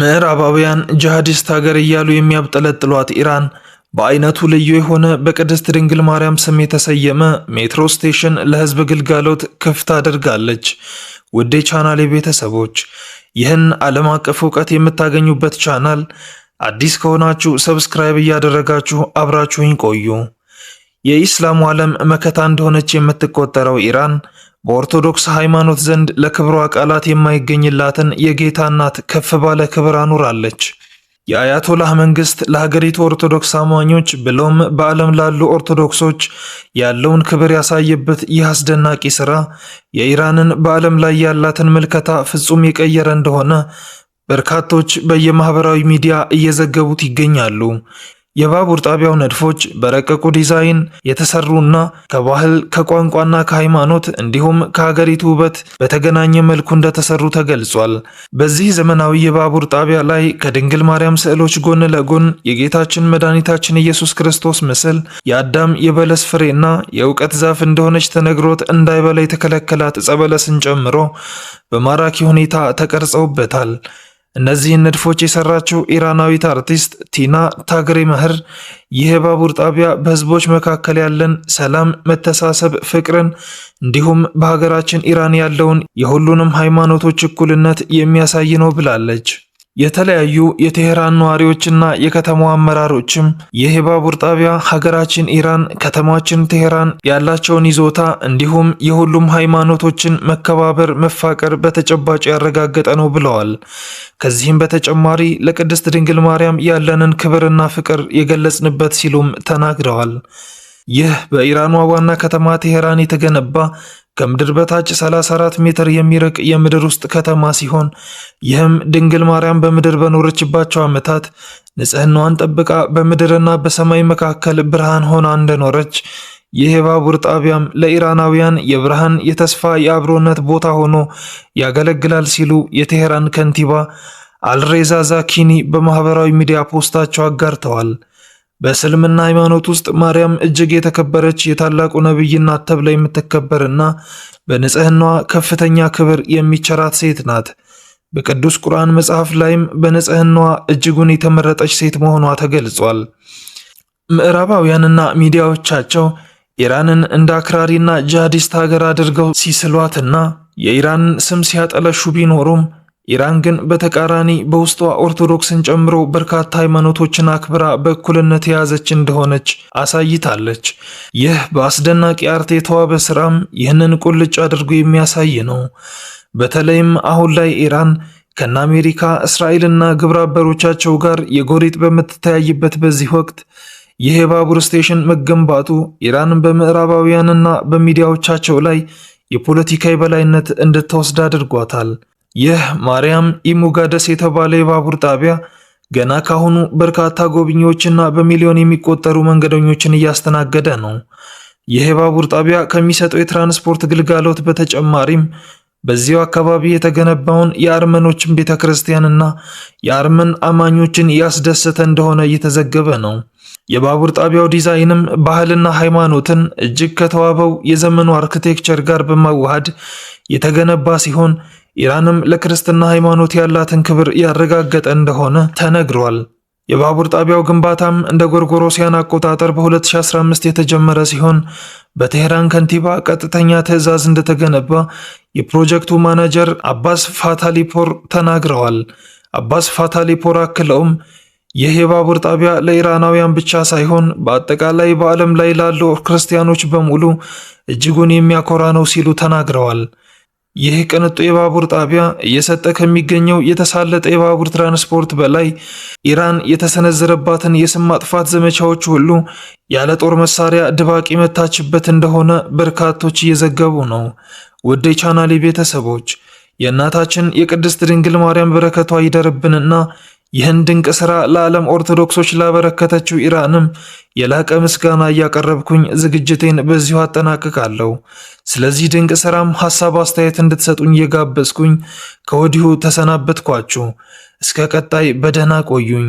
ምዕራባውያን ጂሃዲስት ሀገር እያሉ የሚያብጠለጥሏት ኢራን በአይነቱ ልዩ የሆነ በቅድስት ድንግል ማርያም ስም የተሰየመ ሜትሮ ስቴሽን ለህዝብ ግልጋሎት ክፍት አድርጋለች። ውዴ ቻናል ቤተሰቦች ይህን ዓለም አቀፍ እውቀት የምታገኙበት ቻናል አዲስ ከሆናችሁ ሰብስክራይብ እያደረጋችሁ አብራችሁኝ ቆዩ። የኢስላሙ ዓለም መከታ እንደሆነች የምትቆጠረው ኢራን በኦርቶዶክስ ሃይማኖት ዘንድ ለክብሯ ቃላት የማይገኝላትን የጌታ እናት ከፍ ባለ ክብር አኑራለች። የአያቶላህ መንግስት ለሀገሪቱ ኦርቶዶክስ አማኞች ብሎም በዓለም ላሉ ኦርቶዶክሶች ያለውን ክብር ያሳየበት ይህ አስደናቂ ስራ የኢራንን በዓለም ላይ ያላትን ምልከታ ፍጹም የቀየረ እንደሆነ በርካቶች በየማህበራዊ ሚዲያ እየዘገቡት ይገኛሉ። የባቡር ጣቢያው ንድፎች በረቀቁ ዲዛይን የተሰሩና ከባህል ከቋንቋና ከሃይማኖት እንዲሁም ከሀገሪቱ ውበት በተገናኘ መልኩ እንደተሰሩ ተገልጿል። በዚህ ዘመናዊ የባቡር ጣቢያ ላይ ከድንግል ማርያም ስዕሎች ጎን ለጎን የጌታችን መድኃኒታችን ኢየሱስ ክርስቶስ ምስል፣ የአዳም የበለስ ፍሬና የእውቀት ዛፍ እንደሆነች ተነግሮት እንዳይበላ የተከለከላት ዕፀ በለስን ጨምሮ በማራኪ ሁኔታ ተቀርጸውበታል። እነዚህን ንድፎች የሰራችው ኢራናዊት አርቲስት ቲና ታግሪ መህር ይህ ባቡር ጣቢያ በህዝቦች መካከል ያለን ሰላም፣ መተሳሰብ፣ ፍቅርን እንዲሁም በሀገራችን ኢራን ያለውን የሁሉንም ሃይማኖቶች እኩልነት የሚያሳይ ነው ብላለች። የተለያዩ የቴህራን ነዋሪዎችና የከተማው አመራሮችም ይህ የባቡር ጣቢያ ሀገራችን ኢራን ከተማችን ቴህራን ያላቸውን ይዞታ እንዲሁም የሁሉም ሃይማኖቶችን መከባበር፣ መፋቀር በተጨባጭ ያረጋገጠ ነው ብለዋል። ከዚህም በተጨማሪ ለቅድስት ድንግል ማርያም ያለንን ክብርና ፍቅር የገለጽንበት ሲሉም ተናግረዋል። ይህ በኢራኗ ዋና ከተማ ቴሄራን የተገነባ ከምድር በታች 34 ሜትር የሚርቅ የምድር ውስጥ ከተማ ሲሆን ይህም ድንግል ማርያም በምድር በኖረችባቸው ዓመታት ንጽህናዋን ጠብቃ በምድርና በሰማይ መካከል ብርሃን ሆና እንደኖረች ይህ የባቡር ጣቢያም ለኢራናውያን የብርሃን የተስፋ የአብሮነት ቦታ ሆኖ ያገለግላል ሲሉ የቴሄራን ከንቲባ አልሬዛ ዛኪኒ በማህበራዊ ሚዲያ ፖስታቸው አጋርተዋል። በእስልምና ሃይማኖት ውስጥ ማርያም እጅግ የተከበረች የታላቁ ነቢይ እናት ተብላ የምትከበርና በንጽህናዋ ከፍተኛ ክብር የሚቸራት ሴት ናት። በቅዱስ ቁርአን መጽሐፍ ላይም በንጽህናዋ እጅጉን የተመረጠች ሴት መሆኗ ተገልጿል። ምዕራባውያንና ሚዲያዎቻቸው ኢራንን እንደ አክራሪና ጂሃዲስት ሀገር አድርገው ሲስሏትና የኢራንን ስም ሲያጠለሹ ቢኖሩም ኢራን ግን በተቃራኒ በውስጧ ኦርቶዶክስን ጨምሮ በርካታ ሃይማኖቶችን አክብራ በእኩልነት የያዘች እንደሆነች አሳይታለች። ይህ በአስደናቂ አርት የተዋበ ስራም ይህንን ቁልጭ አድርጎ የሚያሳይ ነው። በተለይም አሁን ላይ ኢራን ከነ አሜሪካ እስራኤልና ግብረ አበሮቻቸው ጋር የጎሪጥ በምትተያይበት በዚህ ወቅት ይህ የባቡር ስቴሽን መገንባቱ ኢራን በምዕራባውያንና በሚዲያዎቻቸው ላይ የፖለቲካ የበላይነት እንድትወስድ አድርጓታል። ይህ ማርያም ኢሙጋደስ የተባለ የባቡር ጣቢያ ገና ካሁኑ በርካታ ጎብኚዎችና በሚሊዮን የሚቆጠሩ መንገደኞችን እያስተናገደ ነው። ይህ የባቡር ጣቢያ ከሚሰጠው የትራንስፖርት ግልጋሎት በተጨማሪም በዚያው አካባቢ የተገነባውን የአርመኖችን ቤተ ክርስቲያንና የአርመን አማኞችን ያስደሰተ እንደሆነ እየተዘገበ ነው። የባቡር ጣቢያው ዲዛይንም ባህልና ሃይማኖትን እጅግ ከተዋበው የዘመኑ አርክቴክቸር ጋር በማዋሃድ የተገነባ ሲሆን ኢራንም ለክርስትና ሃይማኖት ያላትን ክብር ያረጋገጠ እንደሆነ ተነግሯል። የባቡር ጣቢያው ግንባታም እንደ ጎርጎሮሲያን አቆጣጠር በ2015 የተጀመረ ሲሆን በቴህራን ከንቲባ ቀጥተኛ ትዕዛዝ እንደተገነባ የፕሮጀክቱ ማናጀር አባስ ፋታሊፖር ተናግረዋል። አባስ ፋታሊፖር አክለውም ይህ የባቡር ጣቢያ ለኢራናውያን ብቻ ሳይሆን በአጠቃላይ በዓለም ላይ ላሉ ክርስቲያኖች በሙሉ እጅጉን የሚያኮራ ነው ሲሉ ተናግረዋል። ይህ ቅንጡ የባቡር ጣቢያ እየሰጠ ከሚገኘው የተሳለጠ የባቡር ትራንስፖርት በላይ ኢራን የተሰነዘረባትን የስም ማጥፋት ዘመቻዎች ሁሉ ያለ ጦር መሳሪያ ድባቅ መታችበት እንደሆነ በርካቶች እየዘገቡ ነው። ውድ የቻናሌ ቤተሰቦች የእናታችን የቅድስት ድንግል ማርያም በረከቷ ይደርብንና ይህን ድንቅ ስራ ለዓለም ኦርቶዶክሶች ላበረከተችው ኢራንም የላቀ ምስጋና እያቀረብኩኝ ዝግጅቴን በዚሁ አጠናቅቃለሁ። ስለዚህ ድንቅ ስራም ሐሳብ፣ አስተያየት እንድትሰጡኝ የጋበዝኩኝ ከወዲሁ ተሰናበትኳችሁ። እስከ ቀጣይ በደህና ቆዩኝ።